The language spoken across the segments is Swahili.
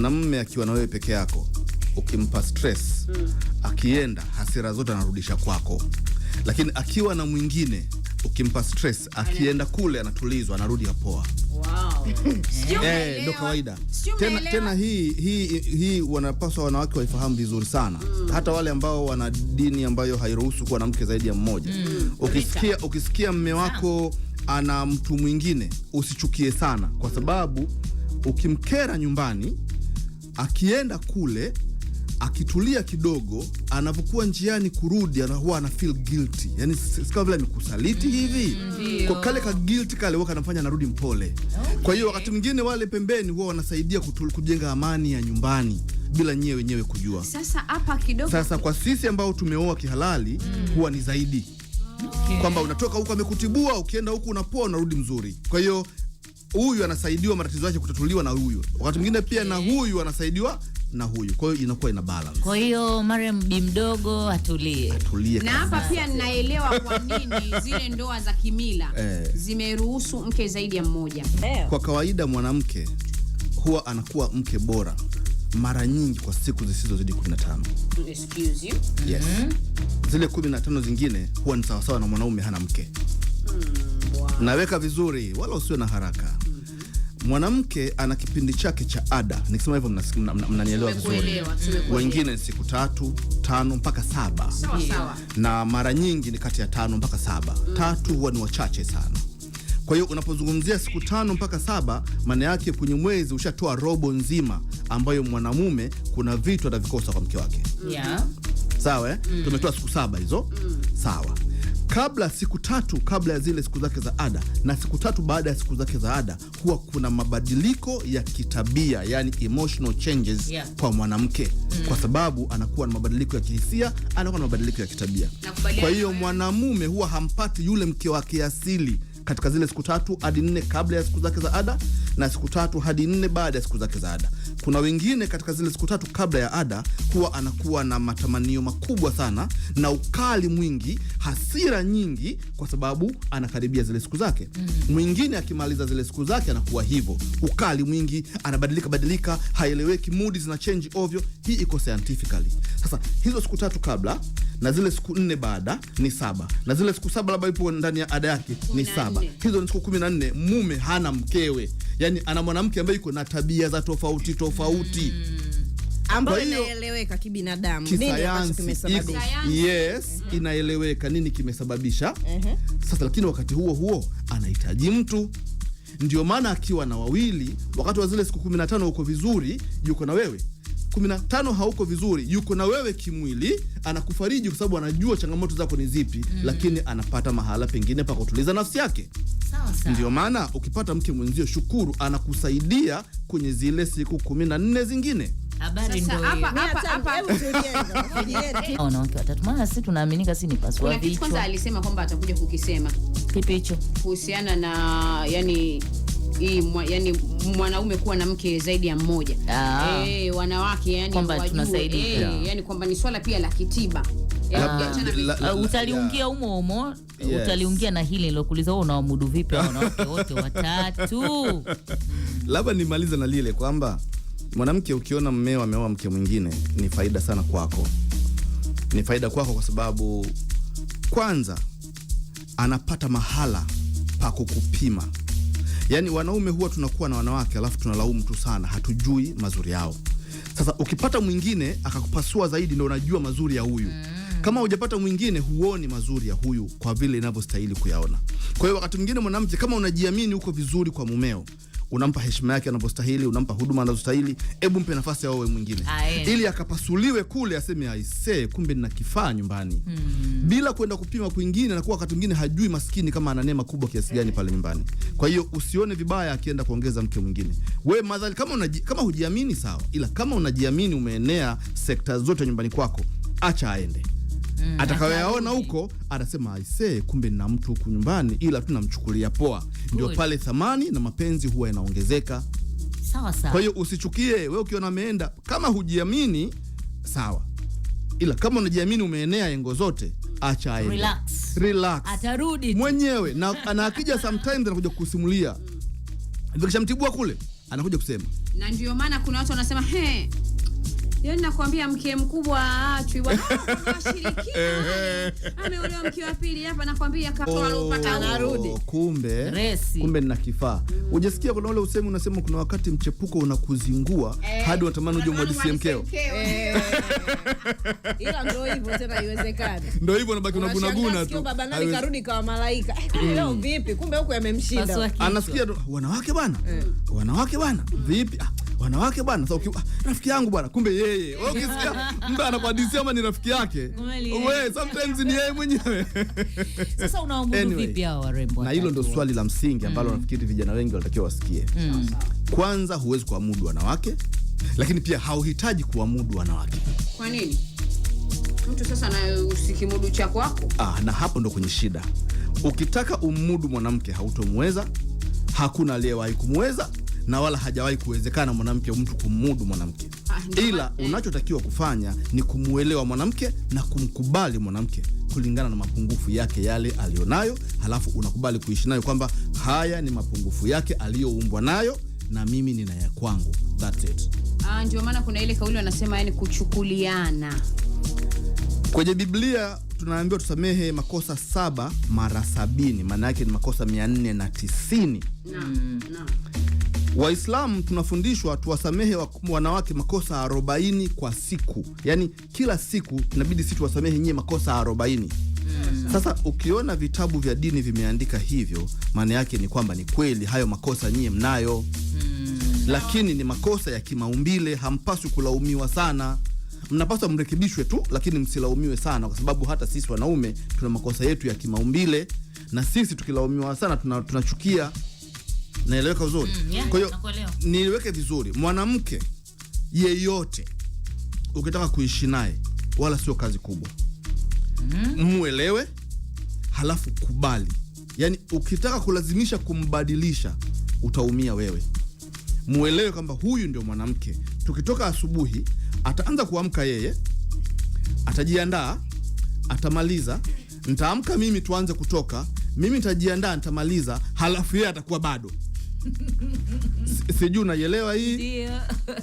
mwanamume akiwa na wewe peke yako, ukimpa stress mm. akienda hasira zote anarudisha kwako, lakini akiwa na mwingine ukimpa stress akienda kule anatulizwa, anarudi apoa. Wow. Eh, ndo kawaida tena, tena hii, hii, hii wanapaswa wanawake waifahamu vizuri sana mm. hata wale ambao wana dini ambayo hairuhusu kuwa na mke zaidi ya mmoja mm. ukisikia, ukisikia mme wako ana mtu mwingine usichukie sana, kwa sababu ukimkera nyumbani akienda kule akitulia kidogo, anavyokuwa njiani kurudi, anakuwa ana feel guilty, yani sikama vile nikusaliti mm. hivi mm. Kwa kale ka guilty kale huwa kanafanya narudi mpole okay. Kwa hiyo wakati mwingine wale pembeni huwa wanasaidia kujenga amani ya nyumbani bila nyewe wenyewe kujua. Sasa hapa kidogo, sasa kwa sisi ambao tumeoa kihalali mm. huwa ni zaidi okay. Kwamba unatoka huko amekutibua, ukienda huku unapoa, unarudi mzuri, kwa hiyo huyu anasaidiwa matatizo yake kutatuliwa na huyu, wakati mwingine pia na eh. huyu anasaidiwa na huyu, kwa hiyo inakuwa ina balance. Kwa hiyo Mariam bi mdogo atulie, atulie. Na hapa pia ninaelewa kwa nini zile ndoa za kimila eh, zimeruhusu mke zaidi ya mmoja. Eh. Kwa kawaida mwanamke huwa anakuwa mke bora mara nyingi kwa siku zisizozidi 15. Excuse you. Yes. Mm -hmm. Zile 15 zingine huwa ni sawasawa na mwanaume hana mke mm naweka vizuri, wala usiwe na haraka. Mwanamke ana kipindi chake cha ada. Nikisema hivyo mnanielewa vizuri. Wengine siku tatu, tano mpaka saba sawa. Na mara nyingi ni kati ya tano mpaka saba mm. Tatu huwa ni wachache sana. Kwa hiyo unapozungumzia siku tano mpaka saba, maana yake kwenye mwezi ushatoa robo nzima ambayo mwanamume kuna vitu atavikosa kwa mke wake yeah. Sawa eh? mm. Tumetoa siku saba hizo mm. Sawa kabla siku tatu kabla ya zile siku zake za ada na siku tatu baada ya siku zake za ada huwa kuna mabadiliko ya kitabia, yani emotional changes yeah. kwa mwanamke mm. kwa sababu anakuwa na mabadiliko ya kihisia, anakuwa na mabadiliko ya kitabia. Kwa hiyo mwanamume huwa hampati yule mke wake asili katika zile siku tatu hadi nne kabla ya siku zake za ada na siku tatu hadi nne baada ya siku zake za ada. Kuna wengine katika zile siku tatu kabla ya ada huwa anakuwa na matamanio makubwa sana na ukali mwingi, hasira nyingi, kwa sababu anakaribia zile siku zake. Mm-hmm. Mwingine akimaliza zile siku zake anakuwa hivyo, ukali mwingi, anabadilika badilika, haeleweki, mudi zina change ovyo. Hii iko scientifically. Sasa hizo siku tatu kabla na zile siku nne baada ni saba, na zile siku saba labda ipo ndani ya ada yake ni saba, hizo ni siku kumi na nne. Mume hana mkewe, yani ana mwanamke ambaye yuko na tabia za tofauti tofauti mm. Ambayo inaeleweka kibinadamu. Yes, hmm. inaeleweka nini kimesababisha. uh -huh. Sasa lakini wakati huo huo anahitaji mtu, ndio maana akiwa na wawili, wakati wa zile siku 15 uko vizuri, yuko na wewe 15 hauko vizuri, yuko na wewe kimwili, anakufariji kwa sababu anajua changamoto zako ni zipi mm. Lakini anapata mahala pengine pa kutuliza nafsi yake. Ndio maana ukipata mke mwenzio, shukuru, anakusaidia kwenye zile siku kumi na nne zingine. Wanawake watatu, maana sisi tunaaminika, si ni paswa vichwa. Kwanza alisema kwamba atakuja kukisema kipi hicho kuhusiana na yani hii mwa, yani mwanaume kuwa na mke zaidi ya mmoja ah. E, wanawake yani kwamba tunasaidia e, yeah. Yani kwamba ni swala pia la kitiba ah. Utaliungia umo umo yes. Utaliungia na hili nilokuuliza wewe, unawamudu vipi wanawake wote watatu? Labda nimalize na lile kwamba mwanamke ukiona mmeo ameoa mke mwingine ni faida sana kwako, ni faida kwako kwa sababu kwanza anapata mahala pa kukupima Yaani wanaume huwa tunakuwa na wanawake alafu tunalaumu tu sana, hatujui mazuri yao. Sasa ukipata mwingine akakupasua zaidi, ndo unajua mazuri ya huyu mm. Kama hujapata mwingine, huoni mazuri ya huyu kwa vile inavyostahili kuyaona. Kwa hiyo wakati mwingine mwanamke, kama unajiamini, uko vizuri kwa mumeo unampa heshima yake anavyostahili unampa huduma anazostahili. Hebu mpe nafasi ya wewe mwingine, ili akapasuliwe kule, aseme aisee, kumbe nina kifaa nyumbani hmm. bila kwenda kupima kwingine, na kuwa wakati mwingine hajui maskini kama ana neema kubwa kiasi gani pale nyumbani. Kwa hiyo usione vibaya akienda kuongeza mke mwingine. We madhali kama unaji, kama hujiamini sawa, ila kama unajiamini umeenea sekta zote nyumbani kwako, acha aende mm, atakayoyaona huko anasema aisee, kumbe na mtu huku nyumbani, ila tunamchukulia poa. Ndio pale thamani na mapenzi huwa yanaongezeka. Sawa sawa. Kwa hiyo usichukie wewe ukiona ameenda, kama hujiamini sawa, ila kama unajiamini umeenea yengo zote acha aende. Relax. Relax. Atarudi mwenyewe na, na akija sometimes anakuja kukusimulia vikishamtibua kule anakuja kusema, na ndio maana kuna watu wanasema he Yaani nakwambia mke mkubwa aachwi bwana. Anashirikiana. Ameolewa mke wa pili hapa nakwambia katoa alopata oh, anarudi. Kumbe. Resi. Kumbe nina kifaa. Mm. Ujasikia kuna ule usemi unasema kuna wakati mchepuko unakuzingua eh, hadi unatamani uje mwadisi mkeo. Eh. Ila ndio hivyo tena haiwezekani. Ndio hivyo unabaki unagunaguna tu. Baba nani karudi kwa malaika. Eh, leo mm. vipi? Kumbe huko yamemshinda. Anasikia wanawake bwana. Eh. Wanawake bwana. Mm. Vipi? Ah, wanawake bwana. so, ah, rafiki yangu bwana, kumbe yeye ukisikia mtu anakuhadithia ama ni rafiki yake we, sometimes ni yeye mwenyewe. Sasa unawamudu anyway, vipi hao warembo? Na hilo ndio swali la msingi ambalo mm. nafikiri vijana wengi wanatakiwa wasikie. Mm. Kwanza, huwezi kuamudu wanawake, lakini pia hauhitaji kuamudu wanawake. Kwa nini? Mtu sasa na usikimudu cha kwako. Ah, na hapo ndo kwenye shida. Ukitaka umudu mwanamke hautomweza, hakuna aliyewahi kumweza na wala hajawahi kuwezekana mwanamke mtu kumudu mwanamke, ah, ila eh. unachotakiwa kufanya ni kumuelewa mwanamke na kumkubali mwanamke kulingana na mapungufu yake yale aliyonayo, halafu unakubali kuishi nayo kwamba haya ni mapungufu yake aliyoumbwa nayo na mimi nina ya kwangu. That's it. Ah, ndio maana kuna ile kauli wanasema, yani kuchukuliana. Kwenye Biblia tunaambiwa tusamehe makosa saba mara sabini, maana yake ni makosa mia nne na tisini. Naam, naam. Waislamu tunafundishwa tuwasamehe wanawake makosa arobaini kwa siku, yaani kila siku inabidi sisi tuwasamehe nyie makosa arobaini. Sasa ukiona vitabu vya dini vimeandika hivyo, maana yake ni kwamba ni kweli hayo makosa nyie mnayo. Hmm. Lakini ni makosa ya kimaumbile, hampaswi kulaumiwa sana. Mnapaswa mrekebishwe tu, lakini msilaumiwe sana, kwa sababu hata sisi wanaume tuna makosa yetu ya kimaumbile, na sisi tukilaumiwa sana tunachukia tuna naeleweka vizuri mm, yeah, kwa hiyo niweke vizuri, mwanamke yeyote ukitaka kuishi naye wala sio kazi kubwa mm. Muelewe halafu kubali. Yani ukitaka kulazimisha kumbadilisha utaumia wewe. Muelewe kwamba huyu ndio mwanamke. Tukitoka asubuhi, ataanza kuamka yeye, atajiandaa, atamaliza. Nitaamka mimi, tuanze kutoka. Mimi nitajiandaa, nitamaliza, halafu yeye atakuwa bado sijui unaielewa hii? Ndio.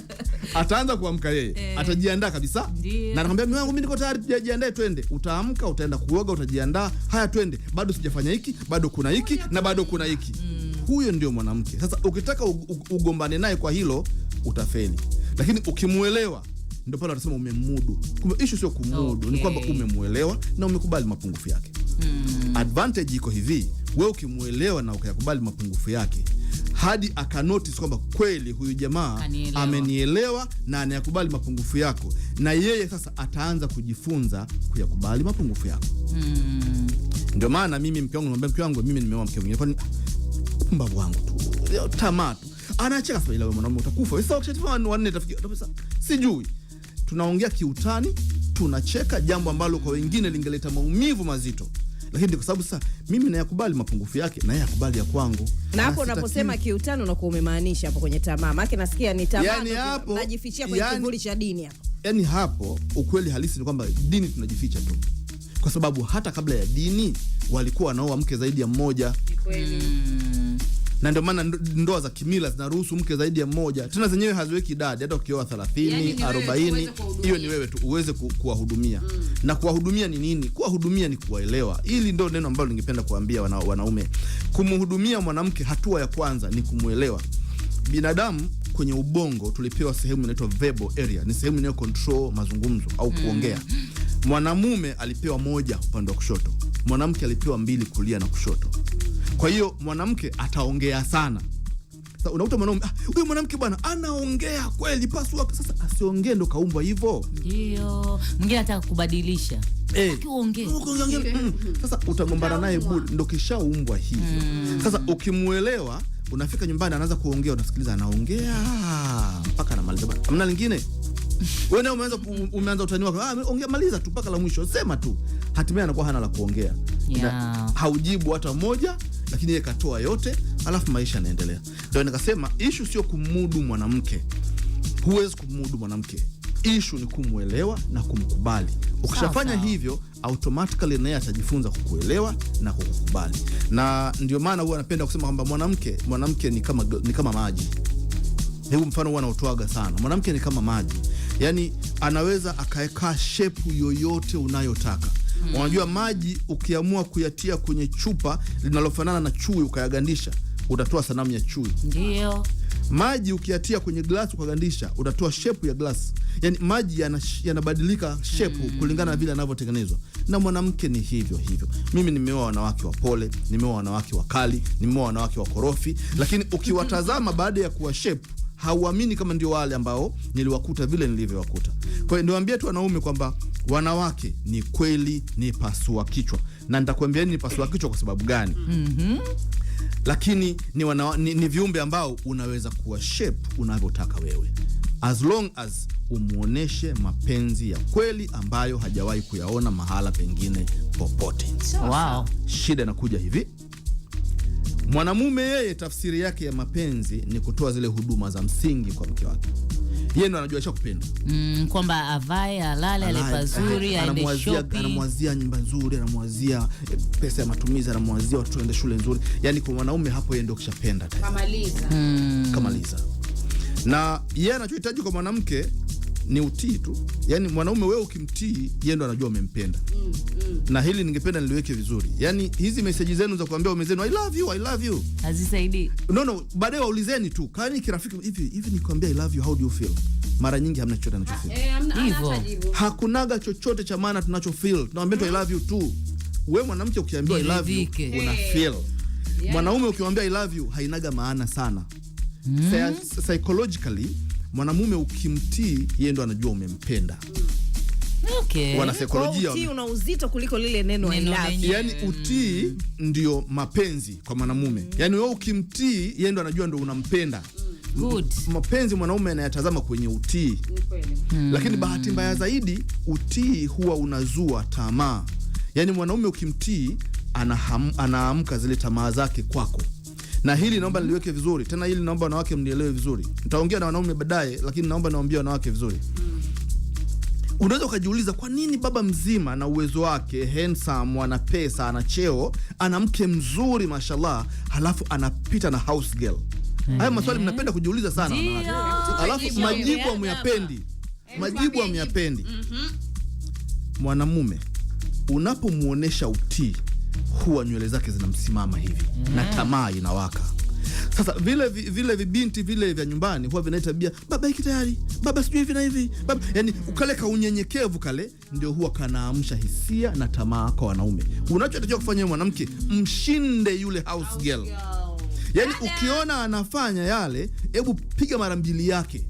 Ataanza kuamka yeye eh, atajiandaa kabisa Ndio. na nakwambia mimi wangu, mimi niko tayari, tujiandae twende. Utaamka, utaenda kuoga, utajiandaa, haya twende, bado sijafanya hiki, bado kuna hiki na bado kuna hiki mm. Huyo ndio mwanamke. Sasa ukitaka ugombane naye kwa hilo utafeli, lakini ukimuelewa ndio pale watasema umemudu. Kumbe ishu sio kumudu, okay. Ni kwamba umemuelewa na umekubali mapungufu yake mm. Advantage iko hivi wewe ukimwelewa na ukayakubali mapungufu yake hadi akanotice kwamba kweli huyu jamaa amenielewa na anayakubali mapungufu yako, na yeye sasa ataanza kujifunza kuyakubali mapungufu yako. hmm. Ndio maana mimi mke wangu namwambia mke wangu, mimi nimeoa mke mwingine, kwani mbavu wangu tu tamaa tu. Anacheka sasa, ila wewe mwanaume utakufa. Sasa ukishatifa wanne tafikia sijui, tunaongea kiutani, tunacheka, jambo ambalo kwa wengine lingeleta maumivu mazito lakini kwa sababu sasa mimi nayakubali mapungufu yake na yeye akubali ya kwangu. Na hapo unaposema kiutano unakuwa umemaanisha hapo kwenye tamaa, maana nasikia ni tamaa, yani hapo najifichia kwenye yaani kivuli cha dini hapo. Yani hapo ukweli halisi ni kwamba dini tunajificha tu, kwa sababu hata kabla ya dini walikuwa wanaoa mke zaidi ya mmoja. Ni kweli. Mm na ndio maana ndoa za kimila zinaruhusu mke zaidi ya mmoja, tena zenyewe haziweki idadi. Hata ukioa 30 yaani arobaini, hiyo ni wewe tu uweze kuwahudumia. Mm. Na kuwahudumia ni nini? Kuwahudumia ni kuwaelewa. Hili ndio neno ambalo ningependa kuambia wana, wanaume. Kumhudumia mwanamke, hatua ya kwanza ni kumwelewa. Binadamu kwenye ubongo tulipewa sehemu inaitwa verbal area, ni sehemu inayo control mazungumzo au mm. kuongea. Mwanamume alipewa moja upande wa kushoto, mwanamke alipewa mbili kulia na kushoto. Kwa hiyo mwanamke ataongea sana. Sasa unakuta mwanaume, ah, mwanamke bwana anaongea kweli, pasua. Sasa asiongee, ndo kaumbwa hivo Ndio mwingine ataka kubadilisha eh. mm, mm. Sasa utagombana naye bure, ndo kishaumbwa hivyo mm. Sasa ukimwelewa unafika nyumbani anaanza kuongea, unasikiliza anaongea mpaka anamaliza, bwana lingine. Wewe umeanza umeanza utani wako, ah, ongea maliza tu mpaka la mwisho, sema tu, hatimaye anakuwa hana la kuongea yeah. Haujibu hata moja lakini yeye katoa yote, alafu maisha yanaendelea. Ndio nikasema ishu sio kumudu mwanamke, huwezi kumudu mwanamke, ishu ni kumwelewa na kumkubali. Ukishafanya sao, sao, hivyo automatically naye atajifunza kukuelewa na kukukubali, na ndio maana huwa anapenda kusema kwamba mwanamke mwanamke ni kama, ni kama maji. Hebu mfano huwa anautoaga sana, mwanamke ni kama maji, yani anaweza akaeka shepu yoyote unayotaka mm -hmm. Unajua maji ukiamua kuyatia kwenye chupa linalofanana na chui ukayagandisha, utatoa sanamu ya chui. Ndio. Maji ukiatia kwenye glasi ukagandisha, utatoa shepu ya glasi. Yani maji yanabadilika yana shepu mm -hmm. kulingana na vile yanavyotengenezwa. Na mwanamke ni hivyo hivyo. Mimi nimeoa wanawake wa pole nimeoa wanawake wa kali nimeoa wanawake wa korofi lakini ukiwatazama baada ya kuwa shepu hauamini kama ndio wale ambao niliwakuta vile nilivyowakuta. Kwa hiyo niwaambie tu wanaume kwamba wanawake ni kweli ni pasua kichwa, na nitakwambieni ni pasua kichwa kwa sababu gani? mm -hmm. Lakini ni, wana, ni, ni viumbe ambao unaweza kuwa shape unavyotaka wewe as long as umuoneshe mapenzi ya kweli ambayo hajawahi kuyaona mahala pengine popote. Wow. Shida inakuja hivi Mwanamume yeye tafsiri yake ya mapenzi ni kutoa zile huduma za msingi kwa mke wake. Yeye ndo anajua cha kupenda mm, kwamba avae, alale, ale pazuri, aende shopping, anamwazia nyumba nzuri, anamwazia eh, pesa ya matumizi, anamwazia watoto waende shule nzuri. Yani kwa mwanaume hapo yeye ndo kishapenda tayari, kamaliza mm. kamaliza. Na yeye anachohitaji kwa mwanamke ni utii tu, yani mwanaume wewe ukimtii yeye ndo anajua umempenda. mm, mm. Na hili ningependa niliweke vizuri, yani hizi meseji zenu za kuambia umezenu I love you I love you hazisaidi. No, no, baadaye waulizeni tu kani kirafiki, hivi hivi nikwambia I love you how do you feel? Mara nyingi hamna chochote anachofeel ha, eh, hivyo, hakunaga chochote cha maana tunacho feel, tunawambia tu I love you tu. We mwanamke ukiambia I love you una eh. feel, yaani mwanaume ukiwambia I love you hainaga maana sana. mm. Psychologically mwanamume ukimtii, yeye ndo anajua umempenda. Okay. Wanasaikolojia utii una uzito kuliko lile neno I love. Yani utii ndio mapenzi kwa mwanamume. Mm. Yani wewe ukimtii, yeye ndo anajua ndo unampenda. Mm. Good. Mapenzi mwanaume anayatazama kwenye utii. Mm. Lakini bahati mbaya zaidi utii huwa unazua tamaa. Yani mwanaume ukimtii anaamka zile tamaa zake kwako na hili naomba niliweke vizuri tena, hili naomba wanawake mnielewe vizuri. Nitaongea na wanaume baadaye, lakini naomba niwaambie wanawake vizuri. Unaweza ukajiuliza kwa nini baba mzima na uwezo wake, handsome, ana pesa, ana cheo, ana mke mzuri mashallah, halafu anapita na house girl. Haya maswali mhm. mnapenda kujiuliza sana wanawake, halafu majibu hamyapendi, yaani majibu hamyapendi. Mhm. Mwanamume unapomwonyesha utii huwa nywele zake zinamsimama hivi mm. na tamaa inawaka. Sasa vile vile vibinti vile vya nyumbani huwa vinaita tabia, baba hiki tayari, baba sijui hivi na hivi, baba yani, kale ka unyenyekevu kale ndio huwa kanaamsha hisia na tamaa kwa wanaume. Unachotakiwa kufanya mwanamke, mshinde yule house girl. Yani ukiona anafanya yale, hebu piga mara mbili yake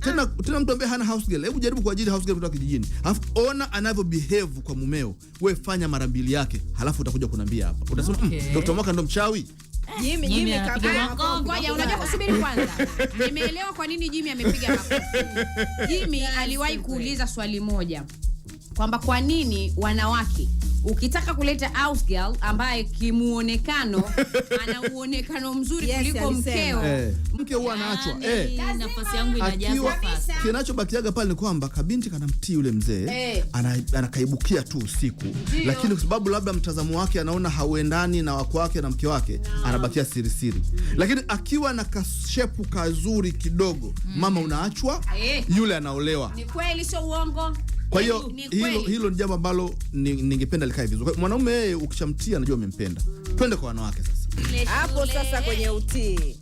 tena tena, mtu ambaye hana house girl, hebu jaribu kuajiri house girl kutoka kijijini, alafu ona anavyo behave kwa mumeo, wewe fanya mara mbili yake, halafu utakuja kunambia hapa, utasema mm, okay. mm, Dr. Mwaka ndo mchawi. Jimmy, Jimmy kabla ngoja, unajua kusubiri kwanza. Nimeelewa kwa nini Jimmy amepiga makofi. Jimmy aliwahi kuuliza swali moja kwamba kwa nini wanawake ukitaka kuleta house girl ambaye kimuonekano ana uonekano mzuri yes, kuliko mkeo eh, mke huwa anaachwa yaani, eh, yaani, nafasi yangu inajaza Kinachobakiaga pale ni kwamba kabinti kanamtii yule mzee eh, anakaibukia tu usiku, lakini kwa sababu labda mtazamo wake anaona hauendani na wako wake na mke wake no, anabakia siri siri mm. Lakini akiwa na kashepu kazuri kidogo mm, mama unaachwa eh, yule anaolewa. Ni kweli, sio uongo. Kwa hiyo hilo, hilo ni jambo ambalo ningependa likae vizuri. Mwanaume yeye ukishamtia anajua umempenda. Twende kwa wanawake sasa. Hapo sasa kwenye utii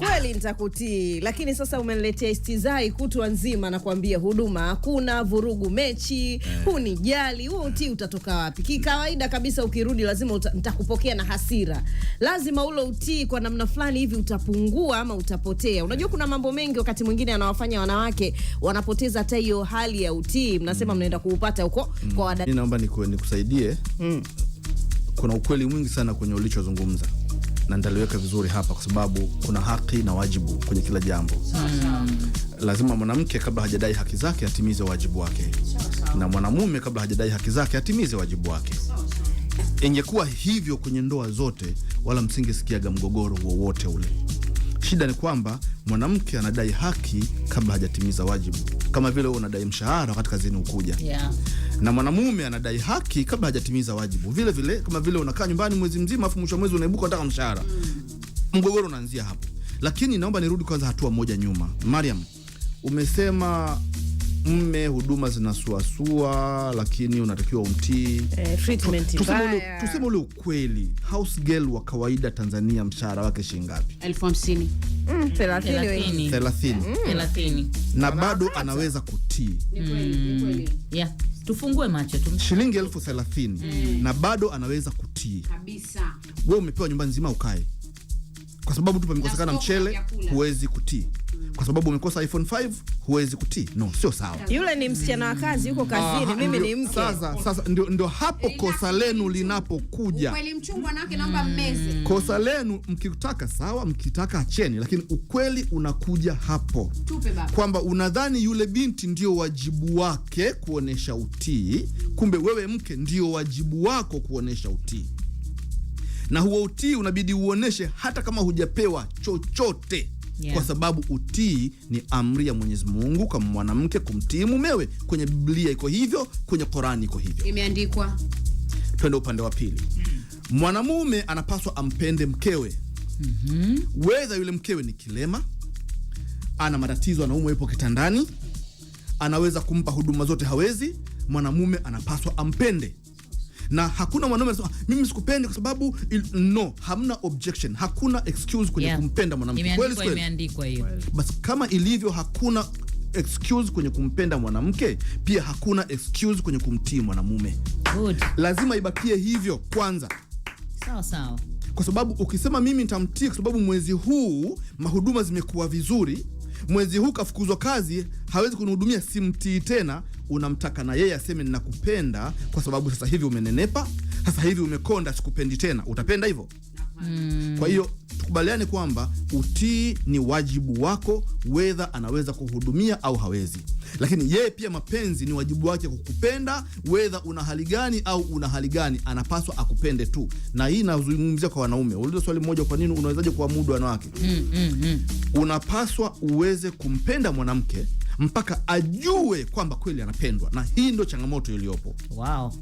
Kweli nitakutii, lakini sasa umeniletea istizai kutwa nzima na kuambia huduma hakuna, vurugu mechi, eh. hunijali. Huo utii utatoka wapi? Kikawaida kabisa, ukirudi lazima uta, nitakupokea na hasira. Lazima ulo utii kwa namna fulani hivi utapungua ama utapotea. Unajua kuna mambo mengi wakati mwingine anawafanya wanawake wanapoteza hata hiyo hali ya utii. Mnasema mnaenda kuupata huko kwa mm. wadada. Naomba nikusaidie. Mm. Kuna ukweli mwingi sana kwenye ulichozungumza na nitaliweka vizuri hapa, kwa sababu kuna haki na wajibu kwenye kila jambo Sasa. Lazima mwanamke kabla hajadai haki zake atimize wajibu wake, na mwanamume kabla hajadai haki zake atimize wajibu wake. Ingekuwa hivyo kwenye ndoa zote, wala msingesikiaga mgogoro wowote ule. Shida ni kwamba mwanamke anadai haki kabla hajatimiza wajibu, kama vile wewe unadai mshahara wakati kazini ukuja, yeah na mwanamume anadai haki kabla hajatimiza wajibu. Vile vile kama vile unakaa nyumbani mwezi mzima afu mwisho mwezi unaibuka unataka mshahara. Mm. Mgogoro unaanzia hapo. Lakini naomba nirudi kwanza hatua moja nyuma. Mariam, umesema mme huduma zinasuasua, lakini unatakiwa umtii. Eh, treatment Tuseme ule ukweli, house girl wa kawaida Tanzania mshahara wake shilingi ngapi? elfu hamsini. Mm thelathini mm. thelathini na bado anaweza kutii. Mm. Tufungue macho tu. Shilingi elfu thelathini mm. na bado anaweza kutii kabisa. Wewe umepewa nyumba nzima ukae, kwa sababu tu pamekosekana mchele, huwezi kutii kwa sababu umekosa iPhone 5 huwezi kutii. No, sio sawa. Yule ni msichana wa kazi, yuko ah, kazini, mimi ni mke. Sasa sasa ndio ndio hapo kosa lenu linapokuja. Ukweli mchungu wanawake, naomba mmeze. Kosa lenu mkitaka sawa, mkitaka acheni, lakini ukweli unakuja hapo kwamba unadhani yule binti ndio wajibu wake kuonesha utii, kumbe wewe mke ndio wajibu wako kuonesha utii na huo utii unabidi uoneshe hata kama hujapewa chochote yeah. Kwa sababu utii ni amri ya Mwenyezi Mungu kama mwanamke kumtii mumewe. Kwenye Biblia iko hivyo, kwenye Korani iko hivyo, imeandikwa. Twende upande wa pili. mm. Mwanamume anapaswa ampende mkewe. mm -hmm. Wedha yule mkewe ni kilema, ana matatizo, anaumwa, yupo kitandani, anaweza kumpa huduma zote hawezi, mwanamume anapaswa ampende na hakuna mwanaume anasema ah, mimi sikupendi kwa sababu no, hamna objection, hakuna excuse kwenye yeah, kumpenda mwanamke. Kweli kweli imeandikwa hiyo. Basi kama ilivyo hakuna excuse kwenye kumpenda mwanamke, pia hakuna excuse kwenye kumtii mwanamume. Good. Lazima ibakie hivyo kwanza. Sawa sawa. Kwa sababu ukisema mimi nitamtii kwa sababu mwezi huu mahuduma zimekuwa vizuri mwezi huu kafukuzwa kazi, hawezi kunihudumia, simtii tena, unamtaka na yeye aseme ninakupenda, kwa sababu sasa hivi umenenepa, sasa hivi umekonda, sikupendi tena. Utapenda hivyo? mm. Kwa hiyo tukubaliane kwamba utii ni wajibu wako, wedha anaweza kuhudumia au hawezi, lakini yeye pia mapenzi ni wajibu wake kukupenda, wedha una hali gani au una hali gani, anapaswa akupende tu, na hii nazungumzia kwa wanaume. Uliza swali moja, kwa nini unawezaje kuamudu wanawake? mm, mm, mm. Unapaswa uweze kumpenda mwanamke mpaka ajue kwamba kweli anapendwa, na hii ndio changamoto iliyopo. wow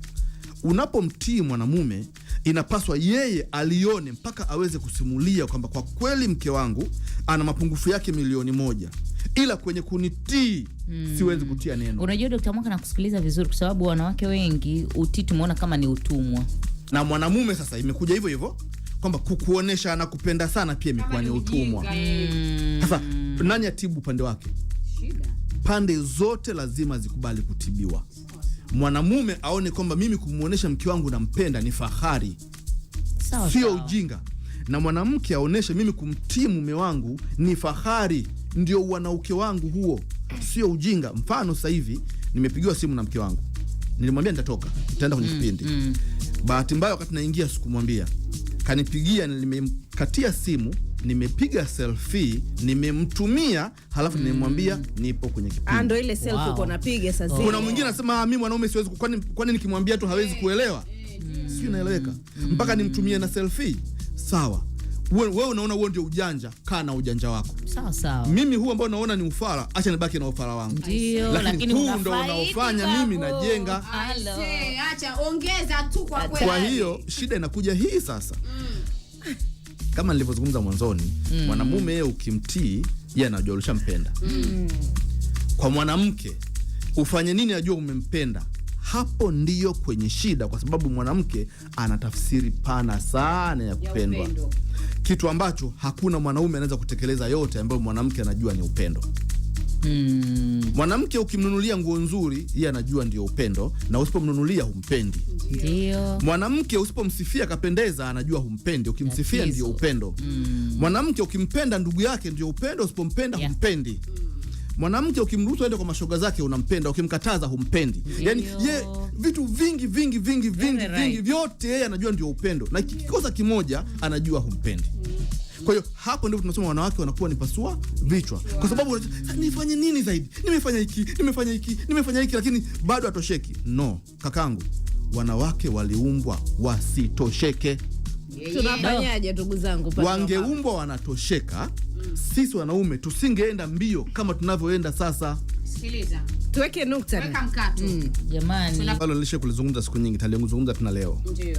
unapomtii mwanamume inapaswa yeye alione mpaka aweze kusimulia kwamba kwa kweli mke wangu ana mapungufu yake milioni moja ila kwenye kunitii hmm. siwezi kutia neno. Unajua Dkt. Mwaka nakusikiliza vizuri, kwa sababu wanawake wengi utii tumeona kama ni utumwa, na mwanamume sasa imekuja hivyo hivyo kwamba kukuonesha anakupenda sana pia imekuwa ni utumwa. Hmm. Sasa nani atibu upande wake? Shida. Pande zote lazima zikubali kutibiwa mwanamume aone kwamba mimi kumwonyesha mke wangu nampenda ni fahari, sio ujinga, na mwanamke aoneshe mimi kumtii mume wangu ni fahari. Ndio uwanauke wangu huo, sio ujinga. Mfano, sasa hivi nimepigiwa simu na mke wangu, nilimwambia nitatoka, nitaenda kwenye mm, kipindi mm, mm. Bahati mbaya wakati naingia sikumwambia, kanipigia, nilimkatia simu nimepiga selfie, nimemtumia, halafu mm. nimemwambia nipo kwenye kipindi. Ah, ile selfie uko napiga sasa. Kuna mwingine anasema mimi ah, mwanaume siwezi, kwani kwani nikimwambia tu hawezi kuelewa? Mm. naeleweka mm. mpaka nimtumie na selfie? Sawa. Wewe unaona huo ndio ujanja, kaa na ujanja wako. Sawa sawa. Mimi huu ambao naona ni ufara acha nibaki na ufara wangu. Ndio, lakini huu ndio unaofanya mimi najenga. Acha ongeza tu kwa kweli. Kwa hiyo shida inakuja hii sasa. Mm kama nilivyozungumza mwanzoni mm. mwanamume ukimtii yeye anajua ulishampenda mm. kwa mwanamke ufanye nini ajua umempenda hapo ndiyo kwenye shida, kwa sababu mwanamke ana tafsiri pana sana ya kupendwa, kitu ambacho hakuna mwanaume anaweza kutekeleza yote ambayo mwanamke anajua ni upendo. Hmm. Mwanamke mm. ukimnunulia nguo nzuri, yeye anajua ndio upendo, na usipomnunulia humpendi. Ndio. Mwanamke usipomsifia kapendeza, anajua humpendi, ukimsifia ndio upendo. mm. Mwanamke ukimpenda ndugu yake ndio upendo, usipompenda yeah. humpendi. Hmm. Mwanamke ukimruhusu aende kwa mashoga zake unampenda, ukimkataza humpendi. Yani ye vitu vingi vingi vingi vingi vingi vyote yeye anajua ndio upendo, na kikosa kimoja anajua humpendi. Hmm. Kwa hiyo hapo ndipo tunasema wanawake wanakuwa ni pasua vichwa, kwa sababu nifanye nini zaidi, nimefanya hiki, nimefanya hiki, nimefanya hiki, lakini bado hatosheki. No kakangu, wanawake waliumbwa wasitosheke. Tunafanyaje ndugu zangu? Wangeumbwa wanatosheka, mm. sisi wanaume tusingeenda mbio kama tunavyoenda sasa. Sikiliza, tuweke nukta, weka mkato. Mm. Jamani, kulizungumza siku nyingi, talizungumza tena leo, ndio